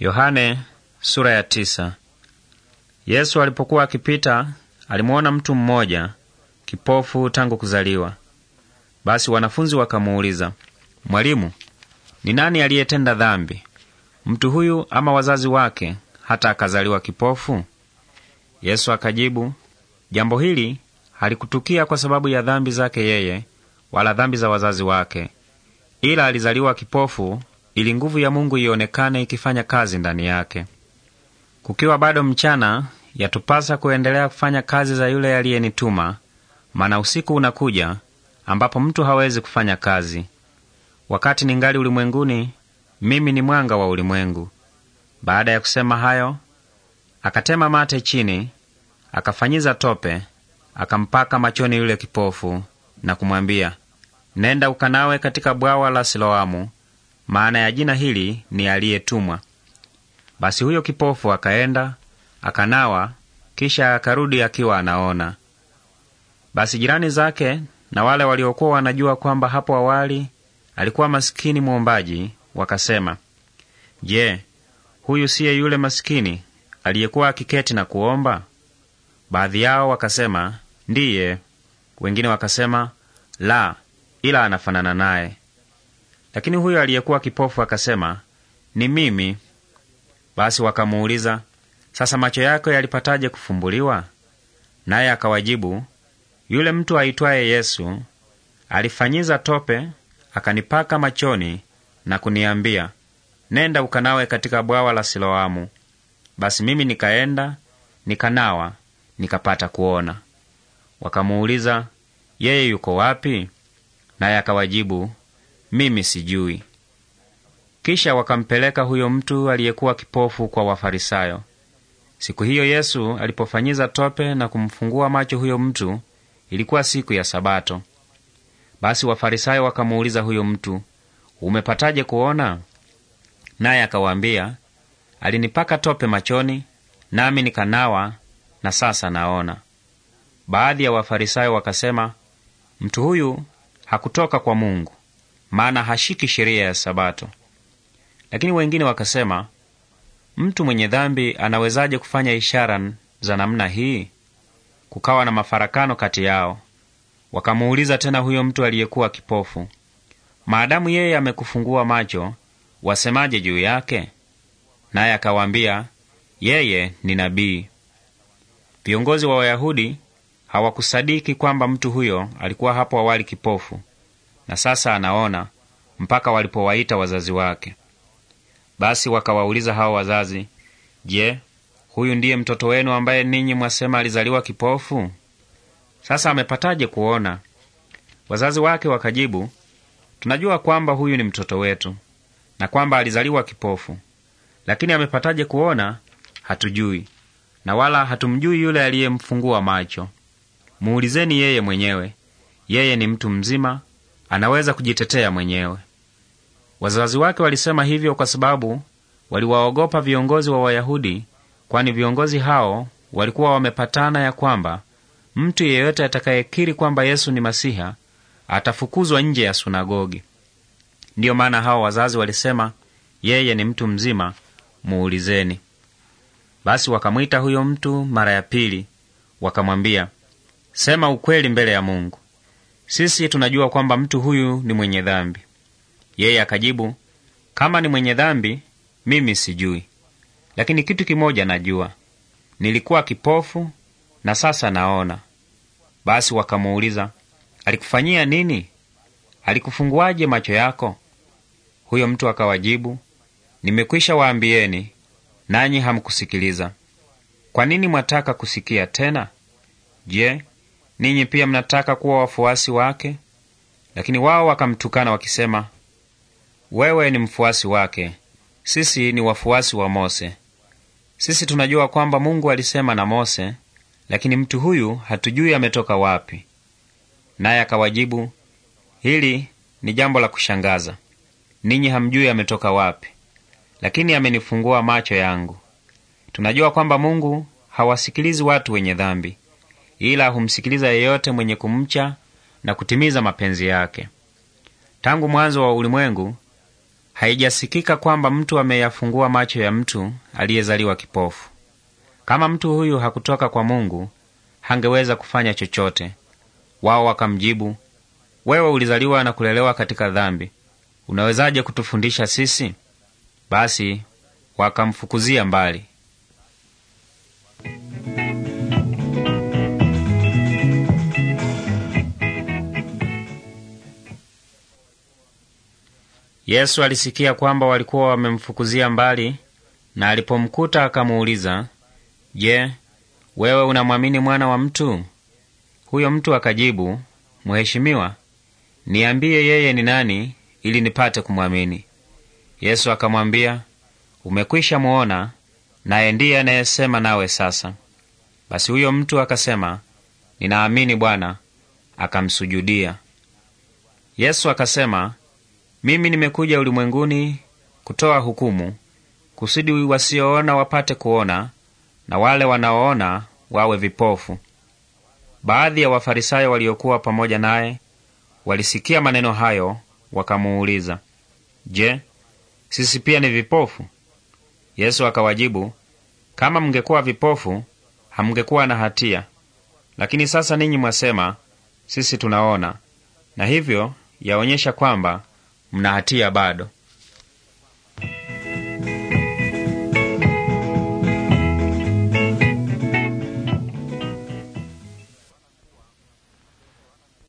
Yohane, sura ya tisa. Yesu alipokuwa akipita alimuona mtu mmoja kipofu tangu kuzaliwa. Basi wanafunzi wakamuuliza, Mwalimu, ni nani aliyetenda dhambi, mtu huyu ama wazazi wake, hata akazaliwa kipofu? Yesu akajibu, jambo hili halikutukia kwa sababu ya dhambi zake yeye, wala dhambi za wazazi wake, ila alizaliwa kipofu ili nguvu ya Mungu ionekane ikifanya kazi ndani yake. Kukiwa bado mchana, yatupasa kuendelea kufanya kazi za yule aliyenituma, maana usiku unakuja ambapo mtu hawezi kufanya kazi. Wakati ningali ulimwenguni, mimi ni mwanga wa ulimwengu. Baada ya kusema hayo, akatema mate chini, akafanyiza tope, akampaka machoni yule kipofu na kumwambia, nenda ukanawe katika bwawa la Siloamu, maana ya jina hili ni aliyetumwa. Basi huyo kipofu akaenda akanawa, kisha akarudi akiwa anaona. Basi jirani zake na wale waliokuwa wanajua kwamba hapo awali alikuwa masikini mwombaji wakasema, Je, huyu siye yule masikini aliyekuwa akiketi na kuomba? Baadhi yao wakasema ndiye, wengine wakasema la, ila anafanana naye. Lakini huyo aliyekuwa kipofu akasema, ni mimi. Basi wakamuuliza, sasa macho yako yalipataje kufumbuliwa? Naye akawajibu, yule mtu aitwaye Yesu alifanyiza tope akanipaka machoni na kuniambia, nenda ukanawe katika bwawa la Siloamu. Basi mimi nikaenda nikanawa, nikapata kuona. Wakamuuliza, yeye yuko wapi? Naye akawajibu, mimi sijui. Kisha wakampeleka huyo mtu aliyekuwa kipofu kwa Wafarisayo. Siku hiyo Yesu alipofanyiza tope na kumfungua macho huyo mtu, ilikuwa siku ya Sabato. Basi Wafarisayo wakamuuliza huyo mtu, umepataje kuona? Naye akawaambia, alinipaka tope machoni, nami nikanawa, na sasa naona. Baadhi ya Wafarisayo wakasema, mtu huyu hakutoka kwa Mungu, maana hashiki sheria ya Sabato. Lakini wengine wakasema, mtu mwenye dhambi anawezaje kufanya ishara za namna hii? Kukawa na mafarakano kati yao. Wakamuuliza tena huyo mtu aliyekuwa kipofu, maadamu yeye amekufungua macho, wasemaje juu yake? Naye akawaambia, yeye ni nabii. Viongozi wa Wayahudi hawakusadiki kwamba mtu huyo alikuwa hapo awali kipofu, na sasa anaona mpaka walipowaita wazazi wake. Basi wakawauliza hao wazazi, Je, huyu ndiye mtoto wenu ambaye ninyi mwasema alizaliwa kipofu? Sasa amepataje kuona? Wazazi wake wakajibu, tunajua kwamba huyu ni mtoto wetu na kwamba alizaliwa kipofu, lakini amepataje kuona hatujui, na wala hatumjui yule aliyemfungua macho. Muulizeni yeye mwenyewe, yeye ni mtu mzima anaweza kujitetea mwenyewe. Wazazi wake walisema hivyo kwa sababu waliwaogopa viongozi wa Wayahudi, kwani viongozi hao walikuwa wamepatana ya kwamba mtu yeyote atakayekiri kwamba Yesu ni Masiha atafukuzwa nje ya sunagogi. Ndiyo maana hao wazazi walisema, yeye ni mtu mzima, muulizeni. Basi wakamwita huyo mtu mara ya pili, wakamwambia, sema ukweli mbele ya Mungu sisi tunajua kwamba mtu huyu ni mwenye dhambi. Yeye akajibu, kama ni mwenye dhambi mimi sijui, lakini kitu kimoja najua, nilikuwa kipofu na sasa naona. Basi wakamuuliza, alikufanyia nini? Alikufunguaje macho yako? Huyo mtu akawajibu, nimekwisha waambieni, nanyi hamkusikiliza. Kwa nini mwataka kusikia tena? Je, ninyi pia mnataka kuwa wafuasi wake? Lakini wao wakamtukana wakisema, wewe ni mfuasi wake, sisi ni wafuasi wa Mose. Sisi tunajua kwamba Mungu alisema na Mose, lakini mtu huyu hatujui ametoka wapi. Naye akawajibu, hili ni jambo la kushangaza. Ninyi hamjui ametoka wapi, lakini amenifungua macho yangu. Tunajua kwamba Mungu hawasikilizi watu wenye dhambi, ila humsikiliza yeyote mwenye kumcha na kutimiza mapenzi yake. Tangu mwanzo wa ulimwengu haijasikika kwamba mtu ameyafungua macho ya mtu aliyezaliwa kipofu. Kama mtu huyu hakutoka kwa Mungu, hangeweza kufanya chochote. Wao wakamjibu, wewe ulizaliwa na kulelewa katika dhambi, unawezaje kutufundisha sisi? Basi wakamfukuzia mbali. Yesu alisikia kwamba walikuwa wamemfukuzia mbali, na alipomkuta akamuuliza, Je, wewe unamwamini mwana wa mtu? Huyo mtu akajibu, Mheshimiwa, niambie yeye ni nani ili nipate kumwamini. Yesu akamwambia, umekwisha muona, naye ndiye anayesema nawe sasa. Basi huyo mtu akasema, ninaamini Bwana, akamsujudia. Yesu akasema, mimi nimekuja ulimwenguni kutoa hukumu, kusudi wasioona wapate kuona, na wale wanaoona wawe vipofu. Baadhi ya Wafarisayo waliokuwa pamoja naye walisikia maneno hayo, wakamuuliza, Je, sisi pia ni vipofu? Yesu akawajibu, kama mngekuwa vipofu hamngekuwa na hatia, lakini sasa ninyi mwasema sisi tunaona, na hivyo yaonyesha kwamba mna hatia bado.